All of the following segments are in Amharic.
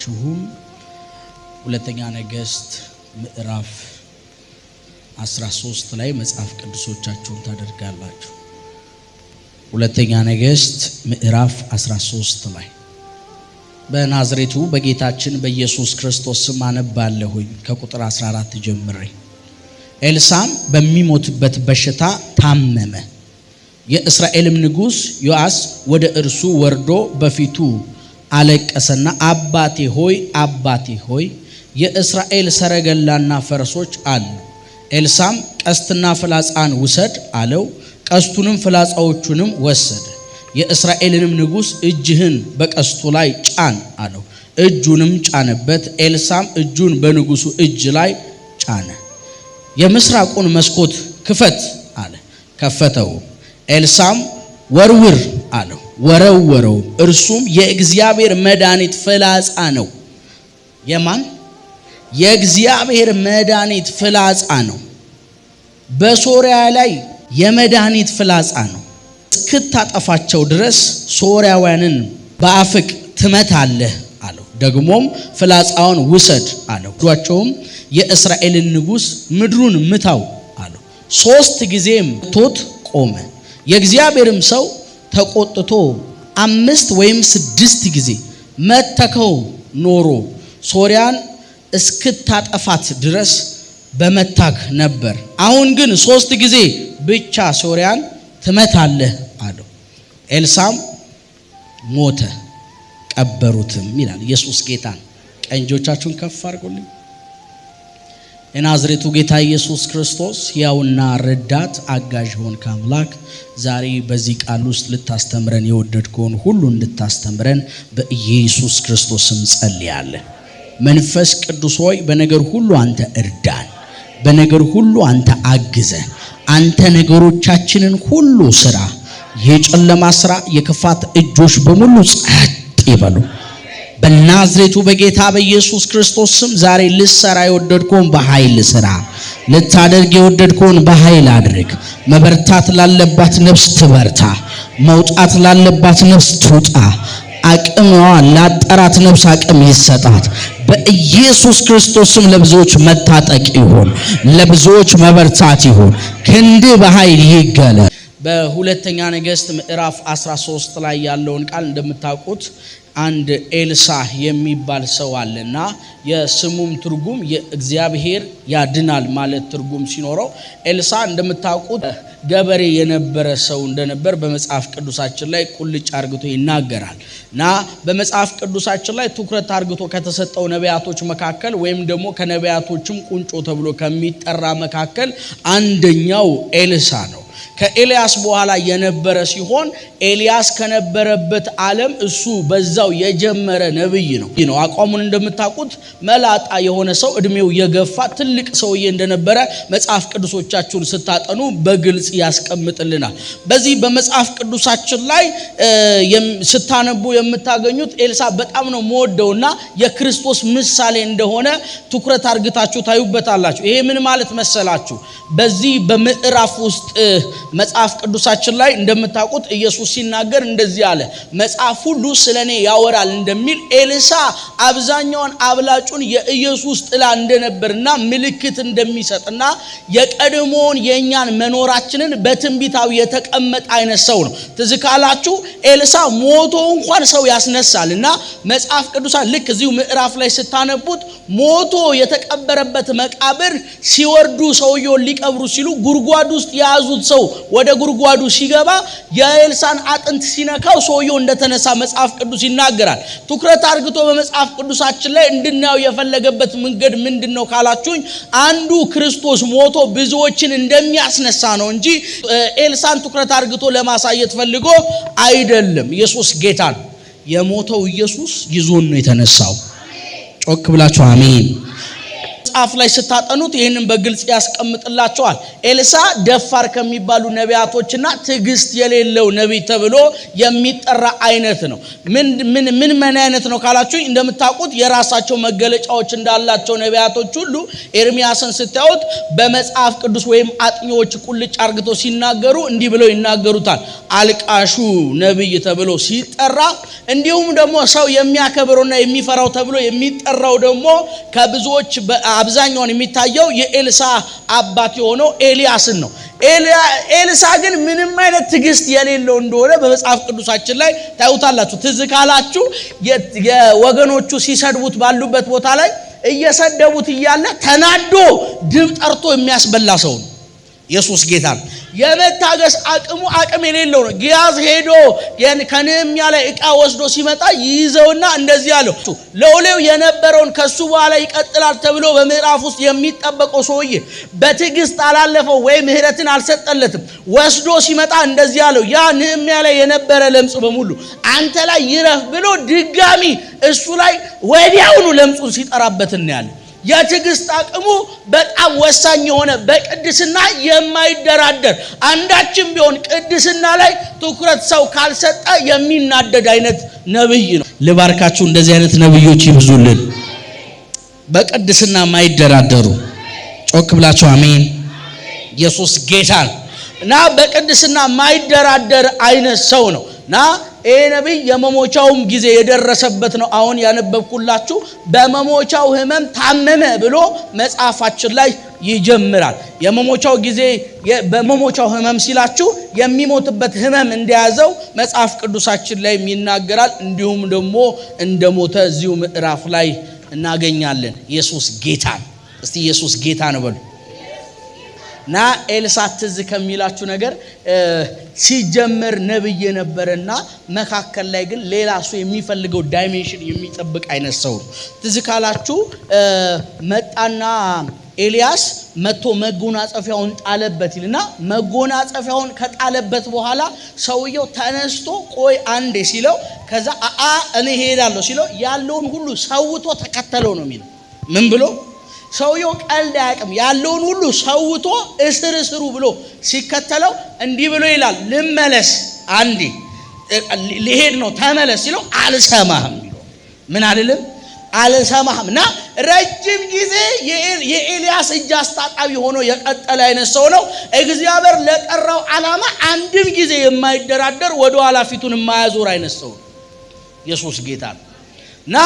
ሁላችሁም ሁለተኛ ነገሥት ምዕራፍ 13 ላይ መጽሐፍ ቅዱሶቻችሁን ታደርጋላችሁ። ሁለተኛ ነገሥት ምዕራፍ 13 ላይ በናዝሬቱ በጌታችን በኢየሱስ ክርስቶስ ስም አነባለሁኝ ከቁጥር 14 ጀምሬ። ኤልሳም በሚሞትበት በሽታ ታመመ። የእስራኤልም ንጉሥ ዮአስ ወደ እርሱ ወርዶ በፊቱ አለቀሰና አባቴ ሆይ አባቴ ሆይ የእስራኤል ሰረገላና ፈረሶች አሉ። ኤልሳም ቀስትና ፍላጻን ውሰድ አለው። ቀስቱንም ፍላጻዎቹንም ወሰደ። የእስራኤልንም ንጉሥ እጅህን በቀስቱ ላይ ጫን አለው። እጁንም ጫነበት። ኤልሳም እጁን በንጉሱ እጅ ላይ ጫነ። የምስራቁን መስኮት ክፈት አለ። ከፈተው። ኤልሳም ወርውር አለው። ወረወረው። እርሱም የእግዚአብሔር መድኃኒት ፍላጻ ነው። የማን የእግዚአብሔር መድኃኒት ፍላጻ ነው። በሶሪያ ላይ የመድኃኒት ፍላጻ ነው። እስክታጠፋቸው ድረስ ሶሪያውያንን በአፍቅ ትመታለህ አለው። ደግሞም ፍላጻውን ውሰድ አለው። ዷቸውም የእስራኤልን ንጉሥ ምድሩን ምታው አለው። ሶስት ጊዜም ቶት ቆመ። የእግዚአብሔርም ሰው ተቆጥቶ አምስት ወይም ስድስት ጊዜ መተከው ኖሮ ሶሪያን እስክታጠፋት ድረስ በመታክ ነበር። አሁን ግን ሶስት ጊዜ ብቻ ሶሪያን ትመታለህ አለው። ኤልሳም ሞተ፣ ቀበሩትም ይላል ኢየሱስ ጌታን። ቀኝ ከፍ አድርጉልኝ። የናዝሬቱ ጌታ ኢየሱስ ክርስቶስ ያውና ረዳት አጋዥ ሆን ካምላክ ዛሬ በዚህ ቃል ውስጥ ልታስተምረን የወደድከውን ሁሉ እንድታስተምረን በኢየሱስ ክርስቶስም ጸልያለን። መንፈስ ቅዱስ ሆይ በነገር ሁሉ አንተ እርዳን፣ በነገር ሁሉ አንተ አግዘን፣ አንተ ነገሮቻችንን ሁሉ ስራ። የጨለማ ስራ፣ የክፋት እጆች በሙሉ ጸጥ ይበሉ። በናዝሬቱ በጌታ በኢየሱስ ክርስቶስ ስም ዛሬ ልሰራ የወደድከውን በኃይል ስራ፣ ልታደርግ የወደድከውን በኃይል አድርግ። መበርታት ላለባት ነፍስ ትበርታ፣ መውጣት ላለባት ነፍስ ትውጣ። አቅምዋ ላጠራት ነፍስ አቅም ይሰጣት። በኢየሱስ ክርስቶስ ስም ለብዙዎች መታጠቅ ይሁን፣ ለብዙዎች መበርታት ይሁን። ክንድ በኃይል ይገለ በሁለተኛ ነገስት ምዕራፍ 13 ላይ ያለውን ቃል እንደምታውቁት አንድ ኤልሳ የሚባል ሰው አለና የስሙም ትርጉም የእግዚአብሔር ያድናል ማለት ትርጉም ሲኖረው ኤልሳ እንደምታውቁት ገበሬ የነበረ ሰው እንደነበር በመጽሐፍ ቅዱሳችን ላይ ቁልጭ አርግቶ ይናገራል እና በመጽሐፍ ቅዱሳችን ላይ ትኩረት አርግቶ ከተሰጠው ነቢያቶች መካከል ወይም ደግሞ ከነቢያቶችም ቁንጮ ተብሎ ከሚጠራ መካከል አንደኛው ኤልሳ ነው። ከኤልያስ በኋላ የነበረ ሲሆን ኤልያስ ከነበረበት ዓለም እሱ በዛው የጀመረ ነብይ ነው ነው አቋሙን እንደምታውቁት መላጣ የሆነ ሰው እድሜው የገፋ ትልቅ ሰውዬ እንደነበረ መጽሐፍ ቅዱሶቻችሁን ስታጠኑ በግልጽ ያስቀምጥልናል። በዚህ በመጽሐፍ ቅዱሳችን ላይ ስታነቡ የምታገኙት ኤልሳ በጣም ነው መወደውና የክርስቶስ ምሳሌ እንደሆነ ትኩረት አርግታችሁ ታዩበታላችሁ። ይሄ ምን ማለት መሰላችሁ በዚህ በምዕራፍ ውስጥ መጽሐፍ ቅዱሳችን ላይ እንደምታውቁት ኢየሱስ ሲናገር እንደዚህ አለ፣ መጽሐፍ ሁሉ ስለ እኔ ያወራል እንደሚል ኤልሳ አብዛኛውን አብላጩን የኢየሱስ ጥላ እንደነበርና ምልክት እንደሚሰጥና የቀድሞውን የእኛን መኖራችንን በትንቢታዊ የተቀመጠ አይነት ሰው ነው። ትዝካላችሁ ኤልሳ ሞቶ እንኳን ሰው ያስነሳል እና መጽሐፍ ቅዱሳ ልክ እዚሁ ምዕራፍ ላይ ስታነቡት ሞቶ የተቀበረበት መቃብር ሲወርዱ ሰውየውን ሊቀብሩ ሲሉ ጉድጓድ ውስጥ የያዙት ሰው ወደ ጉድጓዱ ሲገባ የኤልሳን አጥንት ሲነካው ሰውየው እንደተነሳ መጽሐፍ ቅዱስ ይናገራል። ትኩረት አርግቶ በመጽሐፍ ቅዱሳችን ላይ እንድናየው የፈለገበት መንገድ ምንድን ነው ካላችሁኝ፣ አንዱ ክርስቶስ ሞቶ ብዙዎችን እንደሚያስነሳ ነው እንጂ ኤልሳን ትኩረት አርግቶ ለማሳየት ፈልጎ አይደለም። ኢየሱስ ጌታ ነው። የሞተው ኢየሱስ ይዞን ነው የተነሳው። ጮክ ብላችሁ አሜን። መጽሐፍ ላይ ስታጠኑት ይህንን በግልጽ ያስቀምጥላቸዋል። ኤልሳ ደፋር ከሚባሉ ነቢያቶችና ትዕግስት የሌለው ነቢይ ተብሎ የሚጠራ አይነት ነው። ምን ምን አይነት ነው ካላችሁ እንደምታውቁት የራሳቸው መገለጫዎች እንዳላቸው ነቢያቶች ሁሉ ኤርሚያስን ስታዩት በመጽሐፍ ቅዱስ ወይም አጥኚዎች ቁልጭ አርግቶ ሲናገሩ እንዲህ ብለው ይናገሩታል። አልቃሹ ነቢይ ተብሎ ሲጠራ እንዲሁም ደግሞ ሰው የሚያከብረውና የሚፈራው ተብሎ የሚጠራው ደግሞ ከብዙዎች አብዛኛውን የሚታየው የኤልሳ አባት የሆነው ኤልያስን ነው። ኤልሳ ግን ምንም አይነት ትዕግስት የሌለው እንደሆነ በመጽሐፍ ቅዱሳችን ላይ ታዩታላችሁ። ትዝ ካላችሁ የወገኖቹ ሲሰድቡት ባሉበት ቦታ ላይ እየሰደቡት እያለ ተናዶ ድብ ጠርቶ የሚያስበላ ሰው ነው ኢየሱስ ጌታን የመታገስ አቅሙ አቅም የሌለው ነው። ጊያዝ ሄዶ ከነህምያ ላይ እቃ ወስዶ ሲመጣ ይይዘውና እንደዚህ አለው። ሎሌው የነበረውን ከሱ በኋላ ይቀጥላል ተብሎ በምዕራፍ ውስጥ የሚጠበቀው ሰውዬ በትዕግስት አላለፈው ወይም ምህረትን አልሰጠለትም። ወስዶ ሲመጣ እንደዚህ አለው። ያ ነህምያ ላይ የነበረ ለምጽ በሙሉ አንተ ላይ ይረፍ ብሎ ድጋሚ እሱ ላይ ወዲያውኑ ለምጹን ሲጠራበት እናያለን። የትዕግስት አቅሙ በጣም ወሳኝ የሆነ በቅድስና የማይደራደር አንዳችም ቢሆን ቅድስና ላይ ትኩረት ሰው ካልሰጠ የሚናደድ አይነት ነብይ ነው። ልባርካችሁ፣ እንደዚህ አይነት ነብዮች ይብዙልን። በቅድስና ማይደራደሩ ጮክ ብላችሁ አሜን። ኢየሱስ ጌታ ነው እና በቅድስና ማይደራደር አይነት ሰው ነው እና ይሄ ነቢይ የመሞቻውም ጊዜ የደረሰበት ነው። አሁን ያነበብኩላችሁ በመሞቻው ህመም ታመመ ብሎ መጽሐፋችን ላይ ይጀምራል። የመሞቻው ጊዜ በመሞቻው ሕመም ሲላችሁ የሚሞትበት ህመም እንደያዘው መጽሐፍ ቅዱሳችን ላይም ይናገራል። እንዲሁም ደግሞ እንደሞተ እዚሁ ምዕራፍ ላይ እናገኛለን። ኢየሱስ ጌታ እስቲ ኢየሱስ ጌታ ነው በሉ ና ኤልሳዕ ትዝ ከሚላችሁ ነገር ሲጀመር ነብይ የነበረና መካከል ላይ ግን ሌላ እሱ የሚፈልገው ዳይሜንሽን የሚጠብቅ አይነት ሰው ነው። ትዝ ካላችሁ መጣና ኤልያስ መጥቶ መጎናጸፊያውን ጣለበት ይልና መጎናጸፊያውን ከጣለበት በኋላ ሰውየው ተነስቶ ቆይ አንዴ ሲለው ከዛ አአ እኔ ሄዳለሁ ሲለው ያለውን ሁሉ ሰውቶ ተከተለው ነው የሚለው ምን ብሎ ሰውየው ቀልድ አያውቅም። ያለውን ሁሉ ሰውቶ እስር እስሩ ብሎ ሲከተለው እንዲህ ብሎ ይላል፣ ልመለስ አንዴ ሊሄድ ነው ተመለስ ሲለው አልሰማህም ምን አልልም አልሰማህም እና ረጅም ጊዜ የኤልያስ እጅ አስታጣቢ ሆኖ የቀጠለ አይነት ሰው ነው። እግዚአብሔር ለጠራው ዓላማ አንድም ጊዜ የማይደራደር ወደ ኋላ ፊቱን የማያዞር አይነት ሰው ነው። ኢየሱስ ጌታ እና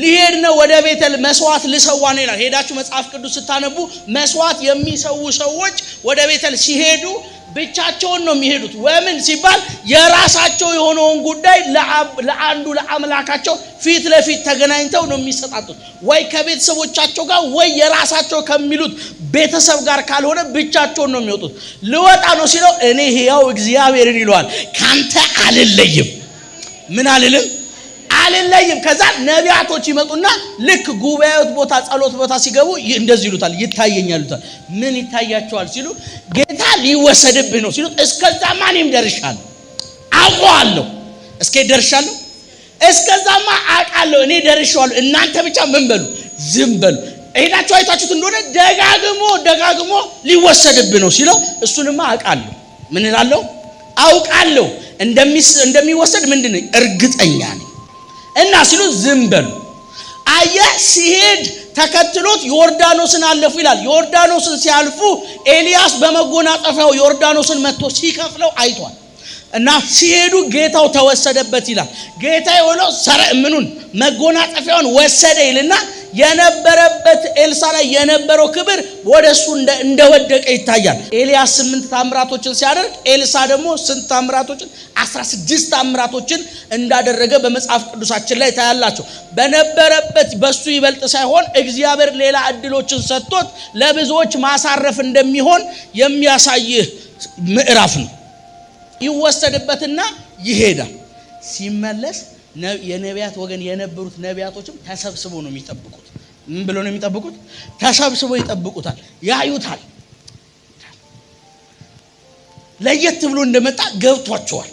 ሊሄድ ነው ወደ ቤተል መስዋዕት ልሰዋ ነው ይላል። ሄዳችሁ መጽሐፍ ቅዱስ ስታነቡ መስዋዕት የሚሰው ሰዎች ወደ ቤተል ሲሄዱ ብቻቸውን ነው የሚሄዱት። ወምን ሲባል የራሳቸው የሆነውን ጉዳይ ለአንዱ ለአምላካቸው ፊት ለፊት ተገናኝተው ነው የሚሰጣጡት። ወይ ከቤተሰቦቻቸው ጋር ወይ የራሳቸው ከሚሉት ቤተሰብ ጋር ካልሆነ ብቻቸውን ነው የሚወጡት። ልወጣ ነው ሲለው እኔ ሕያው እግዚአብሔርን ይለዋል፣ ካንተ አልለይም ምን አልልም አልለይም። ከዛ ነቢያቶች ይመጡና ልክ ጉባኤት ቦታ ጸሎት ቦታ ሲገቡ እንደዚህ ይሉታል፣ ይታየኛል ይሉታል። ምን ይታያቸዋል ሲሉ ጌታ ሊወሰድብህ ነው ሲሉት፣ እስከዛማ እኔም ደርሻለሁ፣ አውቀዋለሁ። እስከ ደርሻለሁ፣ እስከዛማ አውቃለሁ፣ እኔ ደርሻለሁ። እናንተ ብቻ ምን በሉ? ዝም በሉ። ሄዳችሁ አይታችሁት እንደሆነ ደጋግሞ ደጋግሞ ሊወሰድብህ ነው ሲለው፣ እሱንማ አውቃለሁ። ምን እላለሁ? አውቃለሁ እንደሚወሰድ ምንድን እርግጠኛ ነኝ እና ሲሉ ዝም በሉ። አየ ሲሄድ ተከትሎት ዮርዳኖስን አለፉ ይላል። ዮርዳኖስን ሲያልፉ ኤልያስ በመጎናጸፊያው ዮርዳኖስን መጥቶ ሲከፍለው አይቷል። እና ሲሄዱ ጌታው ተወሰደበት ይላል። ጌታ የሆነው ሰረ ምኑን መጎናጸፊያውን ወሰደ ይልና የነበረበት ኤልሳ ላይ የነበረው ክብር ወደ እሱ እንደወደቀ ይታያል። ኤልያስ ስምንት ታምራቶችን ሲያደርግ ኤልሳ ደግሞ ስንት ታምራቶችን? አስራ ስድስት ታምራቶችን እንዳደረገ በመጽሐፍ ቅዱሳችን ላይ ታያላቸው። በነበረበት በሱ ይበልጥ ሳይሆን እግዚአብሔር ሌላ እድሎችን ሰጥቶት ለብዙዎች ማሳረፍ እንደሚሆን የሚያሳይህ ምዕራፍ ነው። ይወሰድበትና ይሄዳል ሲመለስ የነቢያት ወገን የነበሩት ነቢያቶችም ተሰብስበው ነው የሚጠብቁት። ምን ብለው ነው የሚጠብቁት? ተሰብስበው ይጠብቁታል፣ ያዩታል። ለየት ብሎ እንደመጣ ገብቷቸዋል።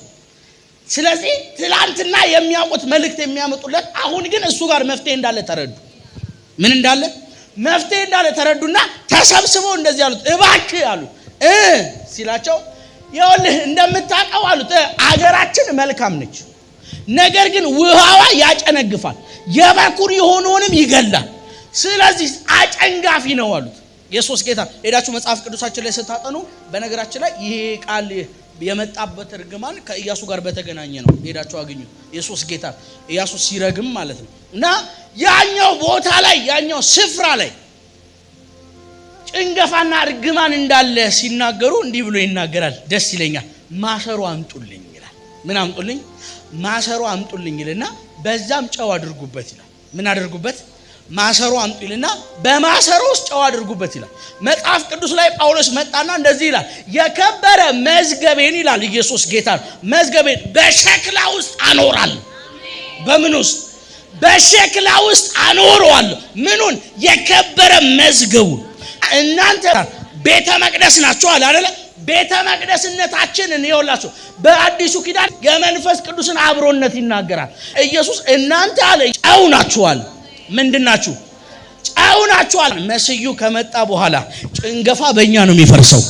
ስለዚህ ትላንትና የሚያውቁት መልእክት የሚያመጡለት፣ አሁን ግን እሱ ጋር መፍትሄ እንዳለ ተረዱ። ምን እንዳለ መፍትሄ እንዳለ ተረዱና ተሰብስበው እንደዚህ አሉት፣ እባክ አሉ እ ሲላቸው ይኸውልህ እንደምታውቀው አሉት አገራችን መልካም ነች ነገር ግን ውሃዋ ያጨነግፋል፣ የበኩር የሆነውንም ይገላል። ስለዚህ አጨንጋፊ ነው አሉት። የሶስት ጌታ ሄዳችሁ መጽሐፍ ቅዱሳችን ላይ ስታጠኑ፣ በነገራችን ላይ ይሄ ቃል የመጣበት እርግማን ከኢያሱ ጋር በተገናኘ ነው። ሄዳችሁ አገኙ የሶስት ጌታ ኢያሱ ሲረግም ማለት ነው እና ያኛው ቦታ ላይ ያኛው ስፍራ ላይ ጭንገፋና እርግማን እንዳለ ሲናገሩ እንዲህ ብሎ ይናገራል። ደስ ይለኛል። ማሰሩ አንጡልኝ ምን አምጡልኝ ማሰሮ አምጡልኝ ይልና በዛም ጨው አድርጉበት ይላል። ምን አድርጉበት? ማሰሮ አምጡ ይልና በማሰሮ ውስጥ ጨው አድርጉበት ይላል። መጽሐፍ ቅዱስ ላይ ጳውሎስ መጣና እንደዚህ ይላል፣ የከበረ መዝገቤን ይላል ኢየሱስ ጌታ መዝገቤን በሸክላ ውስጥ አኖራል። በምን ውስጥ? በሸክላ ውስጥ አኖረዋለሁ። ምኑን? የከበረ መዝገቡ። እናንተ ቤተ መቅደስ ናችሁ አለ ቤተ መቅደስነታችንን ይኸውላችሁ፣ በአዲሱ ኪዳን የመንፈስ ቅዱስን አብሮነት ይናገራል ኢየሱስ። እናንተ አለ ጨው ናችኋል። ምንድን ናችሁ? ጨው ናችኋል። መስዩ ከመጣ በኋላ ጭንገፋ በእኛ ነው የሚፈርሰው።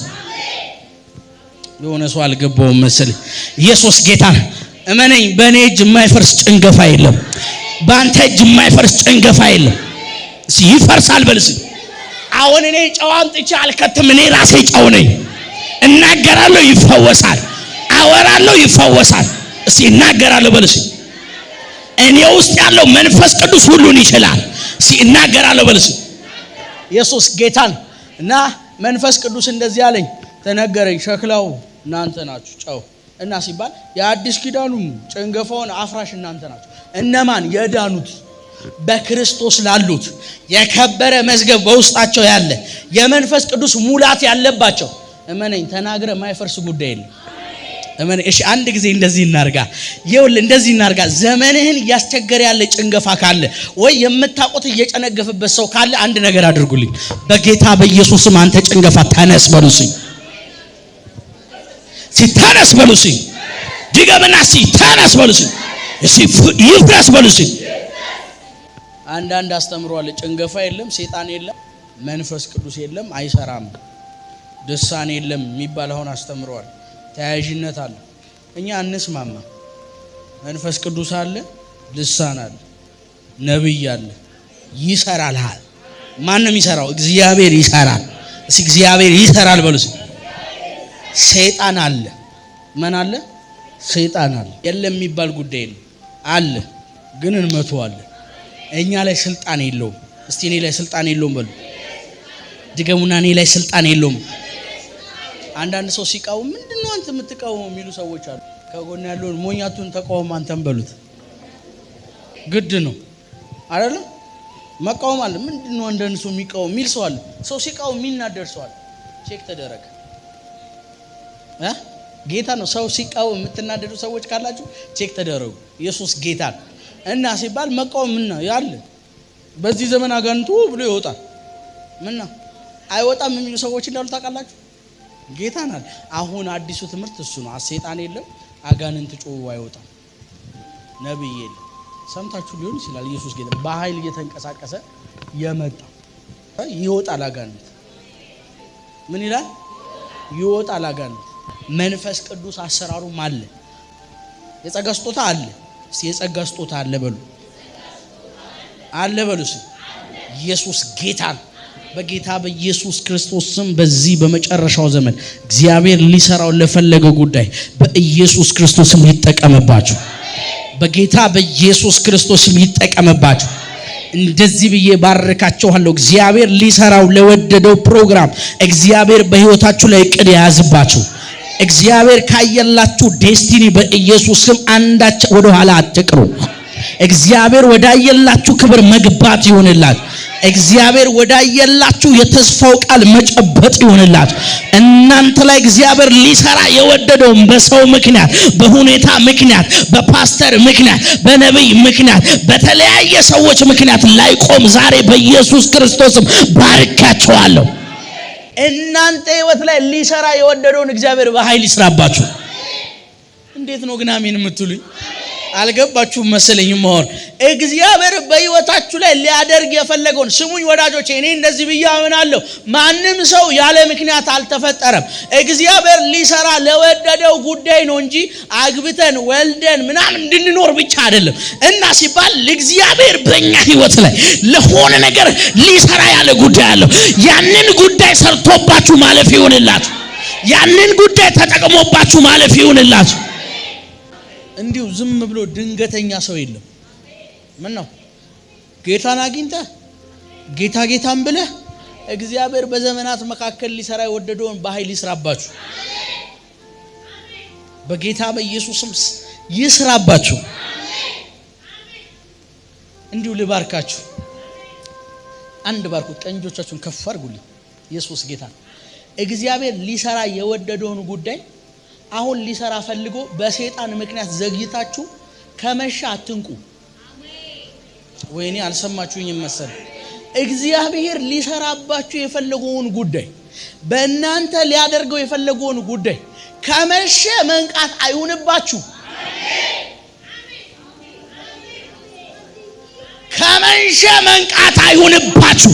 የሆነ ሰው አልገባውም መሰለኝ። ኢየሱስ ጌታ እመነኝ፣ በእኔ እጅ የማይፈርስ ጭንገፋ የለም። በአንተ እጅ የማይፈርስ ጭንገፋ የለም። ይፈርሳል በልስ አሁን እኔ ጨው አምጥቼ አልከትም። እኔ ራሴ ጨው ነኝ። እናገራለሁ፣ ይፈወሳል። አወራለሁ፣ ይፈወሳል። እስቲ እናገራለሁ በል እኔ ውስጥ ያለው መንፈስ ቅዱስ ሁሉን ይችላል። እስቲ እናገራለሁ በል ኢየሱስ ጌታን እና መንፈስ ቅዱስ እንደዚህ አለኝ ተነገረኝ። ሸክላው እናንተ ናችሁ ጨው እና ሲባል የአዲስ ኪዳኑም ጭንገፋውን አፍራሽ እናንተ ናችሁ። እነማን የዳኑት በክርስቶስ ላሉት የከበረ መዝገብ በውስጣቸው ያለ የመንፈስ ቅዱስ ሙላት ያለባቸው እመነኝ፣ ተናግረ ማይፈርስ ጉዳይ የለም። እሺ አንድ ጊዜ እንደዚህ እናርጋ። ይኸውልህ እንደዚህ እናርጋ። ዘመንህን እያስቸገረ ያለ ጭንገፋ ካለ ወይ የምታውቁት እየጨነገፈበት ሰው ካለ አንድ ነገር አድርጉልኝ። በጌታ በኢየሱስም አንተ ጭንገፋ ተነስ በሉስኝ። ሲታነስ በሉስኝ። ድገምና ሲታነስ በሉስኝ። እሺ ይፍረስ በሉስኝ። አንዳንድ አስተምሯል። ጭንገፋ የለም፣ ሴጣን የለም፣ መንፈስ ቅዱስ የለም፣ አይሰራም። ድሳኔ የለም የሚባል አሁን አስተምረዋል። ተያያዥነት አለ። እኛ አንስማማ መንፈስ ቅዱስ አለ፣ ልሳን አለ፣ ነቢይ አለ። ይሰራልሃል። ማንም ይሰራው እግዚአብሔር ይሰራል። እስ እግዚአብሔር ይሰራል በሉስ። ሰይጣን አለ። ምን አለ? ሰይጣን አለ። የለም የሚባል ጉዳይ ነው። አለ ግን አለ እኛ ላይ ስልጣን የለውም። እስቲ እኔ ላይ ስልጣን የለውም በሉ። ድገሙና እኔ ላይ ስልጣን የለውም። አንዳንድ ሰው ሲቃወም ምንድን ነው አንተ የምትቃወሙ የሚሉ ሰዎች አሉ። ከጎን ያለውን ሞኛቱን ተቃወም አንተን በሉት ግድ ነው አይደለም። መቃወም አለ። ምንድን ነው አንዳንድ ሰው የሚቃወም የሚል ሰው አለ። ሰው ሲቃወም የሚናደር ሰው አለ። ቼክ ተደረገ ጌታ ነው። ሰው ሲቃወም የምትናደዱ ሰዎች ካላችሁ ቼክ ተደረጉ። ኢየሱስ ጌታ ነው እና ሲባል መቃወም ምና ያለ በዚህ ዘመን አገንቱ ብሎ ይወጣል። ምና አይወጣም የሚሉ ሰዎች እንዳሉ ታውቃላችሁ። ጌታ ናት። አሁን አዲሱ ትምህርት እሱ ነው። ሰይጣን የለም፣ አጋንንት ጮኸው አይወጣም፣ ነብይ የለም። ሰምታችሁ ሊሆን ይችላል። ኢየሱስ ጌታ በኃይል እየተንቀሳቀሰ የመጣ ይወጣል አጋንንት። ምን ይላል? ይወጣል አጋንንት። መንፈስ ቅዱስ አሰራሩም አለ፣ የጸጋ ስጦታ አለ። እስቲ የጸጋ ስጦታ አለ በሉ፣ አለ በሉ። ኢየሱስ ጌታ ነው። በጌታ በኢየሱስ ክርስቶስ ስም በዚህ በመጨረሻው ዘመን እግዚአብሔር ሊሰራው ለፈለገ ጉዳይ በኢየሱስ ክርስቶስ ስም ይጠቀምባችሁ። በጌታ በኢየሱስ ክርስቶስ ስም ይጠቀምባችሁ። እንደዚህ ብዬ ባረካችኋለሁ። እግዚአብሔር ሊሰራው ለወደደው ፕሮግራም እግዚአብሔር በህይወታችሁ ላይ እቅድ የያዝባችሁ። እግዚአብሔር ካየላችሁ ዴስቲኒ በኢየሱስ ስም አንዳች ወደ ኋላ አትቅሩ። እግዚአብሔር ወዳየላችሁ ክብር መግባት ይሆንላችሁ። እግዚአብሔር ወዳየላችሁ የተስፋው ቃል መጨበጥ ይሆንላችሁ። እናንተ ላይ እግዚአብሔር ሊሰራ የወደደውን በሰው ምክንያት፣ በሁኔታ ምክንያት፣ በፓስተር ምክንያት፣ በነቢይ ምክንያት፣ በተለያየ ሰዎች ምክንያት ላይቆም ዛሬ በኢየሱስ ክርስቶስም ባርካቸዋለሁ። እናንተ ህይወት ላይ ሊሰራ የወደደውን እግዚአብሔር በኃይል ይስራባችሁ። እንዴት ነው ግን አሜን የምትሉኝ? አልገባችሁም መሰለኝ። መሆን እግዚአብሔር በህይወታችሁ ላይ ሊያደርግ የፈለገውን ስሙኝ ወዳጆች፣ እኔ እንደዚህ ብዬ አምናለሁ። ማንም ሰው ያለ ምክንያት አልተፈጠረም። እግዚአብሔር ሊሰራ ለወደደው ጉዳይ ነው እንጂ አግብተን ወልደን ምናምን እንድንኖር ብቻ አይደለም። እና ሲባል እግዚአብሔር በእኛ ህይወት ላይ ለሆነ ነገር ሊሰራ ያለ ጉዳይ አለው። ያንን ጉዳይ ሰርቶባችሁ ማለፍ ይሁንላችሁ። ያንን ጉዳይ ተጠቅሞባችሁ ማለፍ ይሁንላችሁ። እንዲሁ ዝም ብሎ ድንገተኛ ሰው የለም። ምን ነው ጌታን አግኝተ ጌታ ጌታን ብለህ እግዚአብሔር በዘመናት መካከል ሊሰራ የወደደውን በኃይል ይስራባችሁ፣ በጌታ በኢየሱስም ይስራባችሁ። እንዲሁ ልባርካችሁ። አንድ ባርኩ። ጠንጆቻችሁን ከፍ አርጉልኝ ኢየሱስ ጌታ እግዚአብሔር ሊሰራ የወደደውን ጉዳይ አሁን ሊሰራ ፈልጎ በሰይጣን ምክንያት ዘግይታችሁ ከመሻ አትንቁ። ወይኔ አልሰማችሁኝም መሰል። እግዚአብሔር ሊሰራባችሁ የፈለገውን ጉዳይ በእናንተ ሊያደርገው የፈለገውን ጉዳይ ከመሸ መንቃት አይሁንባችሁ። ከመንሸ መንቃት አይሁንባችሁ።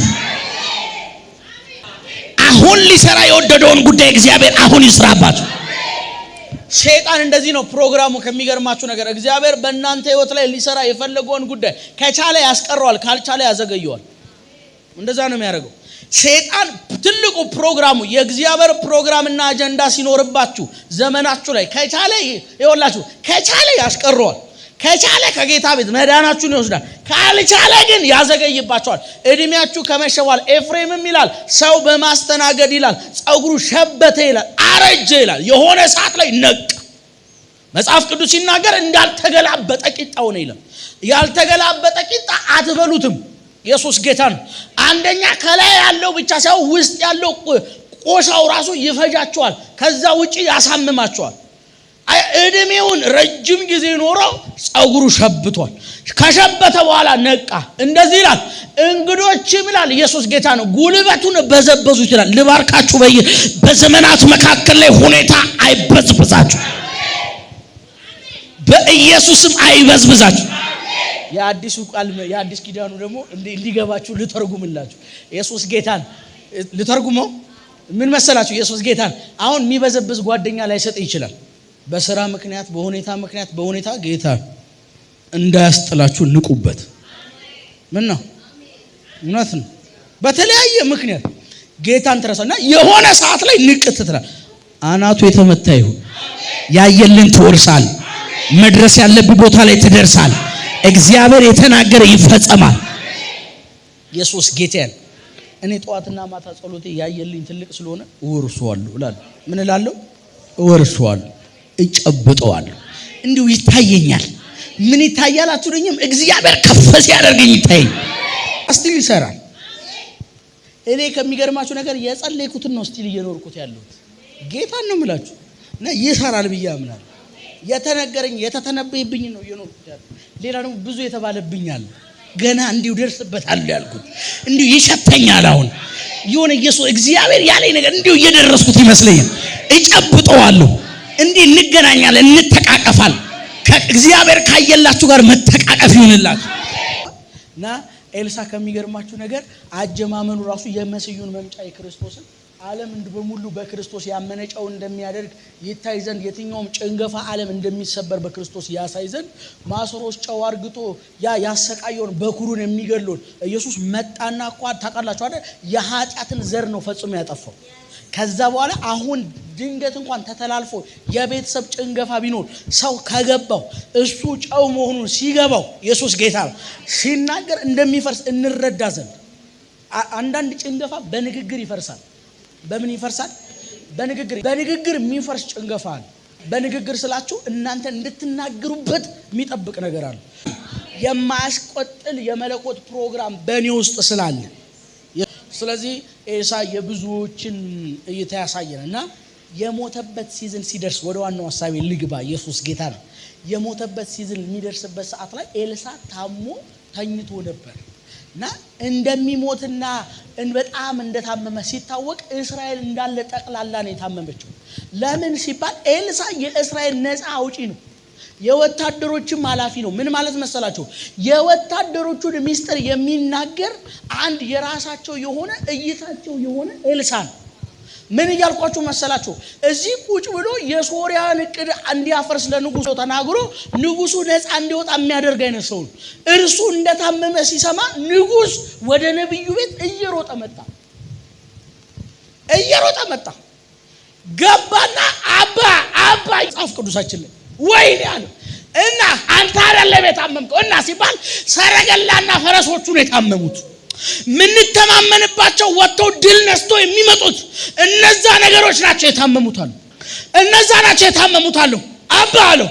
አሁን ሊሰራ የወደደውን ጉዳይ እግዚአብሔር አሁን ይስራባችሁ። ሰይጣን እንደዚህ ነው ፕሮግራሙ። ከሚገርማችሁ ነገር እግዚአብሔር በእናንተ ህይወት ላይ ሊሰራ የፈለገውን ጉዳይ ከቻለ ያስቀረዋል፣ ካልቻለ ያዘገየዋል። እንደዛ ነው የሚያደርገው ሴጣን። ትልቁ ፕሮግራሙ የእግዚአብሔር ፕሮግራምና አጀንዳ ሲኖርባችሁ ዘመናችሁ ላይ ከቻለ ይወላችሁ ከቻለ ያስቀረዋል ከቻለ ከጌታ ቤት መዳናችሁን ይወስዳል። ካልቻለ ግን ያዘገይባቸዋል። እድሜያችሁ ከመሸ ኤፍሬምም ይላል ሰው በማስተናገድ ይላል ጸጉሩ ሸበተ ይላል አረጀ ይላል የሆነ ሰዓት ላይ ነቅ መጽሐፍ ቅዱስ ሲናገር እንዳልተገላበጠ ቂጣ ሆነ ይላል። ያልተገላበጠ ቂጣ አትበሉትም። ኢየሱስ ጌታ ነው። አንደኛ ከላይ ያለው ብቻ ሳይሆን ውስጥ ያለው ቆሻው ራሱ ይፈጃቸዋል። ከዛ ውጪ ያሳምማቸዋል። እድሜውን ረጅም ጊዜ ኖረው ጸጉሩ ሸብቷል። ከሸበተ በኋላ ነቃ። እንደዚህ ይላል፣ እንግዶችም ይላል ኢየሱስ ጌታ ነው። ጉልበቱን በዘበዙ ይችላል። ልባርካችሁ፣ በዘመናት መካከል ላይ ሁኔታ አይበዝብዛችሁ፣ በኢየሱስም አይበዝብዛችሁ። የአዲሱ ቃል የአዲስ ኪዳኑ ደግሞ እንዲገባችሁ ልተርጉምላችሁ። ኢየሱስ ጌታን ልተርጉመው ምን መሰላችሁ? ኢየሱስ ጌታን አሁን የሚበዘብዝ ጓደኛ ላይሰጥ ይችላል በስራ ምክንያት፣ በሁኔታ ምክንያት፣ በሁኔታ ጌታ እንዳያስጥላችሁ ንቁበት። ምን ነው እውነት ነው። በተለያየ ምክንያት ጌታን ትረሳና የሆነ ሰዓት ላይ ንቅት ትላል። አናቱ የተመታ ይሁን። ያየልን ትወርሳል። መድረስ ያለብ ቦታ ላይ ትደርሳል። እግዚአብሔር የተናገረ ይፈጸማል። ኢየሱስ ጌታ ያለ እኔ ጠዋትና ማታ ጸሎቴ ያየልኝ ትልቅ ስለሆነ እወርሰዋለሁ እላለሁ። ምን እላለሁ? እወርሰዋለሁ እጨብጠዋለሁ። እንዲሁ ይታየኛል። ምን ይታያል አትሉኝም? እግዚአብሔር ከፍ ሲያደርገኝ ይታየኝ። እስቲል ይሰራል። እኔ ከሚገርማችሁ ነገር የጸለይኩትን ነው እስቲል እየኖርኩት ያለሁት። ጌታን ነው የምላችሁ እና ይሰራል ብዬ አምናለሁ። የተነገረኝ የተተነበይብኝ ነው እየኖርኩት ያለሁት። ሌላ ደግሞ ብዙ የተባለብኝ አለ። ገና እንዲሁ ደርስበታለሁ ያልኩት እንዲሁ ይሸተኛል። አሁን የሆነ ኢየሱስ እግዚአብሔር ያለኝ ነገር እንዲሁ እየደረስኩት ይመስለኛል። እጨብጠዋለሁ እንዲህ እንገናኛለን፣ እንተቃቀፋል። ከእግዚአብሔር ካየላችሁ ጋር መተቃቀፍ ይሆንላችሁ እና ኤልሳ ከሚገርማችሁ ነገር አጀማመኑ ራሱ የመስዩን መምጫ የክርስቶስን ዓለም በሙሉ በክርስቶስ ያመነጨው እንደሚያደርግ ይታይ ዘንድ የትኛውም ጭንገፋ ዓለም እንደሚሰበር በክርስቶስ ያሳይ ዘንድ ማሰሮስ ጨው አርግቶ ያ ያሰቃየውን በኩሩን የሚገድሉን ኢየሱስ መጣና እኳ ታውቃላችሁ አይደል? የኃጢአትን ዘር ነው ፈጽሞ ያጠፋው። ከዛ በኋላ አሁን ድንገት እንኳን ተተላልፎ የቤተሰብ ጭንገፋ ቢኖር ሰው ከገባው እሱ ጨው መሆኑን ሲገባው ኢየሱስ ጌታ ነው ሲናገር እንደሚፈርስ እንረዳ ዘንድ አንዳንድ ጭንገፋ በንግግር ይፈርሳል። በምን ይፈርሳል? በንግግር በንግግር የሚፈርስ ጭንገፋ አለ። በንግግር ስላችሁ እናንተ እንድትናገሩበት የሚጠብቅ ነገር አለ። የማያስቆጥል የመለኮት ፕሮግራም በእኔ ውስጥ ስላለ ስለዚህ ኤሳ የብዙዎችን እይታ ያሳየን እና የሞተበት ሲዝን ሲደርስ ወደ ዋናው ሀሳቢ ልግባ። ኢየሱስ ጌታ ነው። የሞተበት ሲዝን የሚደርስበት ሰዓት ላይ ኤልሳ ታሞ ተኝቶ ነበር እና እንደሚሞትና በጣም እንደታመመ ሲታወቅ እስራኤል እንዳለ ጠቅላላ ነው የታመመችው። ለምን ሲባል ኤልሳ የእስራኤል ነፃ አውጪ ነው። የወታደሮችም ኃላፊ ነው። ምን ማለት መሰላችሁ? የወታደሮቹን ሚስጥር የሚናገር አንድ የራሳቸው የሆነ እይታቸው የሆነ ኤልሳ ነው። ምን እያልኳችሁ መሰላችሁ? እዚህ ቁጭ ብሎ የሶሪያን እቅድ እንዲያፈርስ ለንጉሱ ተናግሮ ንጉሱ ነፃ እንዲወጣ የሚያደርግ አይነት ሰው ነው። እርሱ እንደታመመ ሲሰማ ንጉስ ወደ ነቢዩ ቤት እየሮጠ መጣ እየሮጠ መጣ ገባና አባ አባ ጻፍ ቅዱሳችን ላይ ወይኔ አለ እና አንተ አይደለ የታመምከው እና ሲባል ሰረገላና ፈረሶቹ ነው የታመሙት። የምንተማመንባቸው ወጥተው ድል ነስቶ የሚመጡት እነዛ ነገሮች ናቸው የታመሙት አለ። እነዛ ናቸው የታመሙት አለሁ። አባ አለሁ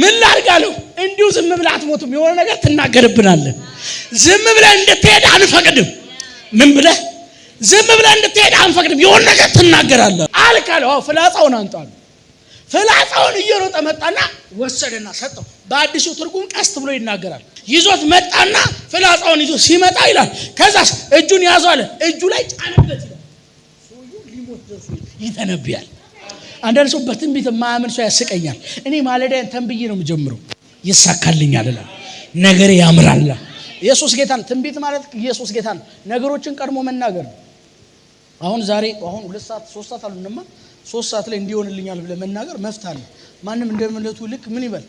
ምን ላድርግ አለሁ። እንዲሁ ዝም ብለህ አትሞትም፣ የሆነ ነገር ትናገርብናለህ። ዝም ብለህ እንድትሄድ አንፈቅድም። ምን ብለህ ዝም ብለህ እንድትሄድ አንፈቅድም፣ የሆነ ነገር ትናገራለህ አልክ አለሁ። ፍላጻውን አንጣ ፍላጻውን እየሮጠ መጣና ወሰደና ሰጠው። በአዲሱ ትርጉም ቀስት ብሎ ይናገራል። ይዞት መጣና ፍላጻውን ይዞ ሲመጣ ይላል። ከዛስ እጁን ያዘው አለ። እጁ ላይ ጫነበት ይላል። ሰውዬው ሊሞት ደርሶ ይተነብያል። አንዳንድ ሰው በትንቢት የማያምን ሰው ያስቀኛል። እኔ ማለዳን ተንብዬ ነው የምጀምረው። ይሳካልኛል እላለሁ። ነገር ያምራል። ኢየሱስ ጌታ ነው። ትንቢት ማለት ኢየሱስ ጌታ ነው። ነገሮችን ቀድሞ መናገር ነው። አሁን ዛሬ አሁን ሁለት ሰዓት ሶስት ሰዓት አሉ እንማ ሶስት ሰዓት ላይ እንዲሆንልኛል ብለህ መናገር መፍት አለ። ማንም እንደ እምነቱ ልክ ምን ይበል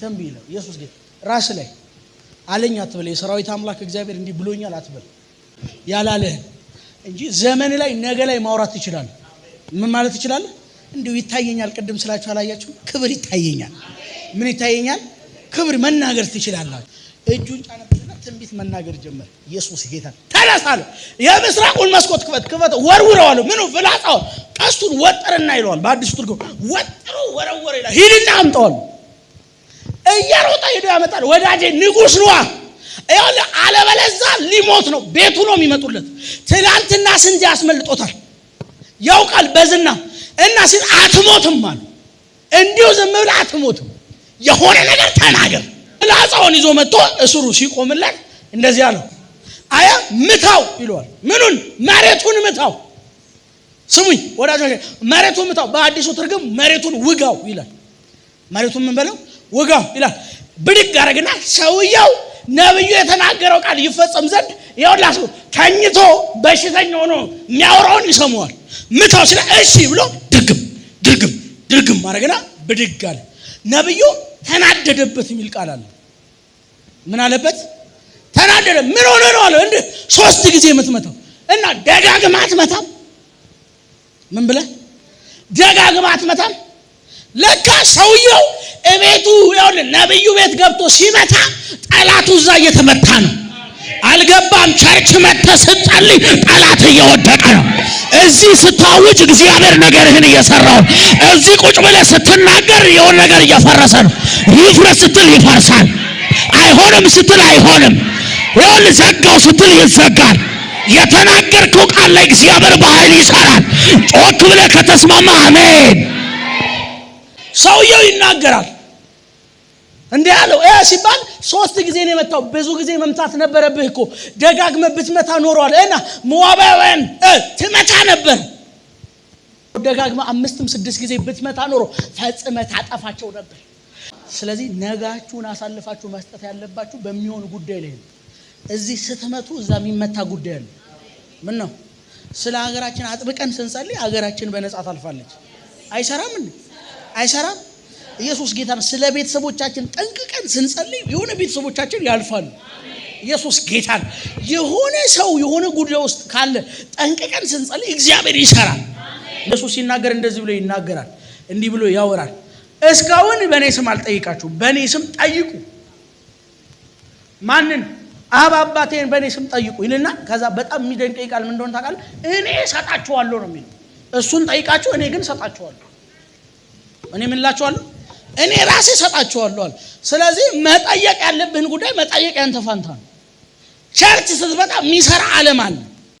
ተንብ ይለው። ኢየሱስ ግን ራስ ላይ አለኝ አትበል። የሰራዊት አምላክ እግዚአብሔር እንዲህ ብሎኛል አትበል። ያላለህን እንጂ ዘመን ላይ ነገ ላይ ማውራት ትችላለህ። ምን ማለት ትችላለህ? እንዲሁ ይታየኛል። ቅድም ስላችሁ አላያችሁ? ክብር ይታየኛል። ምን ይታየኛል? ክብር መናገር ትችላላችሁ። እጁን ጫነት ትንቢት መናገር ጀመረ። ኢየሱስ ጌታ ተነሳ የምስራቁን መስኮት ክፈት ክፈት፣ ወርውረው አለ። ምኑ ፍላጻውን፣ ቀስቱን ወጠርና ይለዋል። በአዲሱ ትርጉም ወጥሮ ወረወረ ይላል። ሂድና አምጣዋል። እየሮጠ ሄዶ ያመጣል። ወዳጄ ንጉሥ ነዋ። ይኸውልህ አለበለዛ ሊሞት ነው። ቤቱ ነው የሚመጡለት። ትናንትና ስንዴ ያስመልጦታል፣ ያውቃል በዝና እና ሲል አትሞትም አሉ። እንዲሁ ዝም ብለህ አትሞትም፣ የሆነ ነገር ተናገር ፍላጻውን ይዞ መጥቶ እስሩ ሲቆምለት እንደዚያ ነው። አያ ምታው ይለዋል። ምኑን? መሬቱን ምታው። ስሙኝ ወዳጆች፣ መሬቱን ምታው። በአዲሱ ትርጉም መሬቱን ውጋው ይላል። መሬቱን ምን በለው? ውጋው ይላል። ብድግ አረግና ሰውየው ነብዩ የተናገረው ቃል ይፈጸም ዘንድ የወላሱ ተኝቶ በሽተኛ ሆኖ የሚያወራውን ይሰማዋል። ምታው ስለ እሺ ብሎ ድርግም ድርግም ድርግም አረግና ብድግ አለ። ነብዩ ተናደደበት የሚል ቃል አለ። ምን አለበት? ተናደደ። ምን ሆነ ነው አለ። እንደ ሶስት ጊዜ የምትመታው እና ደጋግማ አትመታም። ምን ብለህ ደጋግማ አትመታም? ለካ ሰውየው እቤቱ ይኸውልህ፣ ነብዩ ቤት ገብቶ ሲመታ ጠላቱ እዛ እየተመታ ነው። አልገባም። ቸርች መተ ስትጸልይ ጠላት እየወደቀ ነው። እዚህ ስታውጭ እግዚአብሔር ነገርህን እየሰራው፣ እዚህ ቁጭ ብለህ ስትናገር የሆነ ነገር እየፈረሰ ነው። ይፍረስ ስትል ይፈርሳል። አይሆንም ስትል አይሆንም፣ ሆን ዘጋው ስትል ይዘጋል። የተናገርከው ቃል ላይ እግዚአብሔር በኃይል ይሰራል። ጮክ ብለህ ከተስማማ አሜን። ሰውየው ይናገራል። እንዲህ አለው እ ሲባል ሶስት ጊዜ ነው የመታው። ብዙ ጊዜ መምታት ነበረብህ እኮ ደጋግመ ብትመታ ኖሯል እና ሞዓባውያን ትመታ ነበር። ደጋግመ አምስትም ስድስት ጊዜ ብትመታ ኖሮ ፈጽመ ታጠፋቸው ነበር። ስለዚህ ነጋችሁን አሳልፋችሁ መስጠት ያለባችሁ በሚሆን ጉዳይ ላይ ነው። እዚህ ስትመቱ እዛ የሚመታ ጉዳይ አለ። ምን ነው ስለ ሀገራችን አጥብቀን ስንጸልይ ሀገራችን በነጻ ታልፋለች። አይሰራም እንዴ? አይሰራም። ኢየሱስ ጌታ ነው። ስለ ቤተሰቦቻችን ጠንቅቀን ስንጸልይ የሆነ ቤተሰቦቻችን ያልፋሉ። ኢየሱስ ጌታ ነው። የሆነ ሰው የሆነ ጉዳይ ውስጥ ካለ ጠንቅቀን ስንጸልይ እግዚአብሔር ይሰራል። ኢየሱስ ሲናገር እንደዚህ ብሎ ይናገራል፣ እንዲህ ብሎ ያወራል። እስካሁን በእኔ ስም አልጠይቃችሁም፣ በእኔ ስም ጠይቁ። ማንን? አብ አባቴን በእኔ ስም ጠይቁ ይልና ከዛ በጣም የሚደንቀኝ ቃል ምን እንደሆነ ታውቃለህ? እኔ ሰጣችኋለሁ ነው የሚለው። እሱን ጠይቃችሁ እኔ ግን ሰጣችኋለሁ። እኔ ምን ላችኋለሁ? እኔ ራሴ ሰጣችኋለሁ። ስለዚህ መጠየቅ ያለብህን ጉዳይ መጠየቅ ያንተ ፋንታ ነው። ቸርች ስትመጣ የሚሰራ አለም አለ።